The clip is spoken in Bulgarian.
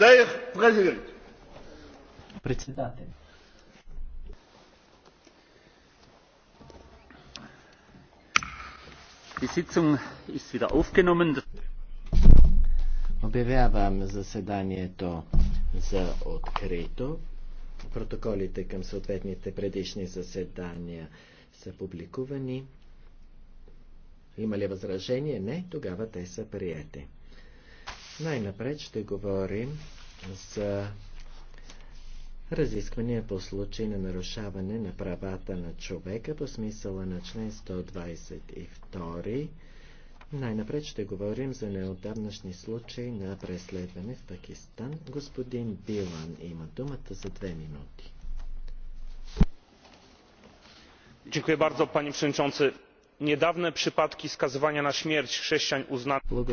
Dear Председател. Обявявам заседанието за открито. Протоколите към съответните предишни заседания са публикувани. Има ли възражение? Не, тогава те са приятели. Най-напред ще говорим за разисквания по случай на нарушаване на правата на човека по смисъла на член 122. Най-напред ще говорим за неотдавнашни случаи на преследване в Пакистан. Господин Билан има думата за две минути. Dziękuję bardzo, panie przewodniczący niedawne przypadki skazywania na śmierć chrześcijan uznanych